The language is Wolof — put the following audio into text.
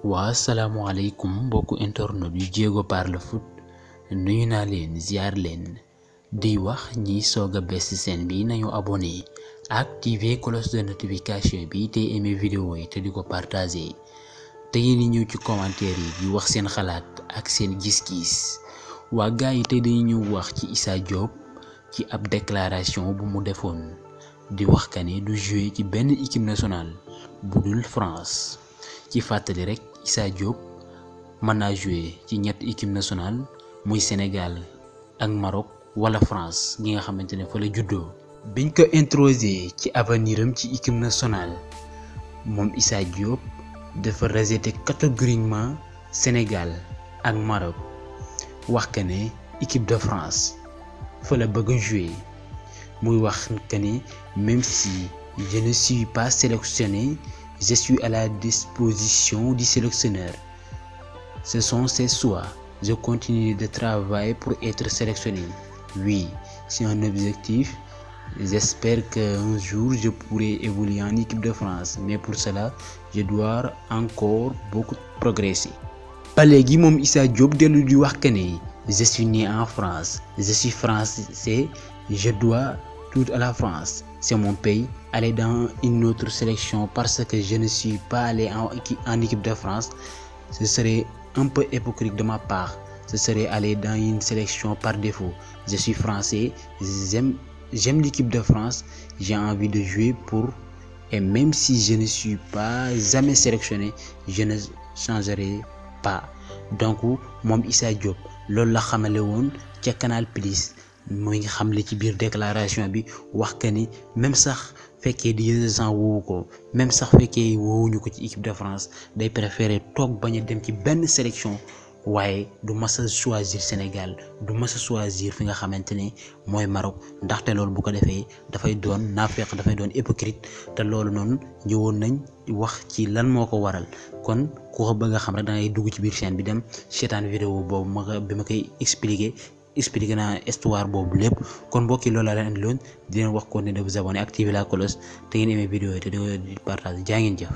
Wa alaykum beaucoup internet yu jéego parle foot nuyu naa leen ziar leen di wax ñi soog a seen bi abonné activer cloche de notification bi te vidéo yi te di ko partager te yéen ñëw ci commentaire yi wax seen xalaat ak seen gis-gis te dañu ñëw wax ci Issa Diop ci ab déclaration bu mu defoon di wax ka du jouer ci benn équipe nationale France ci fatali rek Issa Diop man naa jouer ci ñet équipe nationale muy Sénégal ak Maroc wala France gi nga xamantene ne fa la juddoo. biñ ko introsé ci avenirum ci équipe nationale mom Issa Diop dafa rejeté catégoriquement Sénégal ak Maroc wax que né équipe de France fa la bëgg jouer muy wax que même si je ne suis pas sélectionné. Je suis à la disposition du sélectionneur. Ce sont ses choix. Je continue de travailler pour être sélectionné. Oui, c'est un objectif. J'espère qu'un jour je pourrai évoluer en équipe de France, mais pour cela, je dois encore beaucoup progresser. je suis né en France je suis français je dois toute la France. C'est mon pays. Aller dans une autre sélection parce que je ne suis pas allé en, équipe de France, ce serait un peu hypocrite de ma part. Ce serait aller dans une sélection par défaut. Je suis français, j'aime l'équipe de France, j'ai envie de jouer pour. Et même si je ne suis pas jamais sélectionné, je ne changerai pas. Donc, mon Issa Diop lol la xamale Canal Plus moy nga xam xamle ci biir déclaration bi wax que ni même sax fekkee di Deschamps woowu ko même sax fekkee woowuñu ko ci équipe de France day préféré toog bañ a dem ci benn sélection waaye du mas a choisir Sénégal du mas a choisir fi nga xamante ne mooy Maroc ndaxte loolu bu ko defee dafay doon naafeq dafay doon hypocrite te loolu noonu ñëwoon nañ wax ci lan moo ko waral kon ku ko bëgg a xam rek da ngay dugg ci biir chaîne bi dem seetaan vidéo boobu ma bi ma koy expliquer expliqué naa histoire boobu lépp kon mbokk yi loolu laa leen andi loon wax kon ne de vous abonner activer te ngeen aimé vidéo yi te di partage jaa ngeen jëf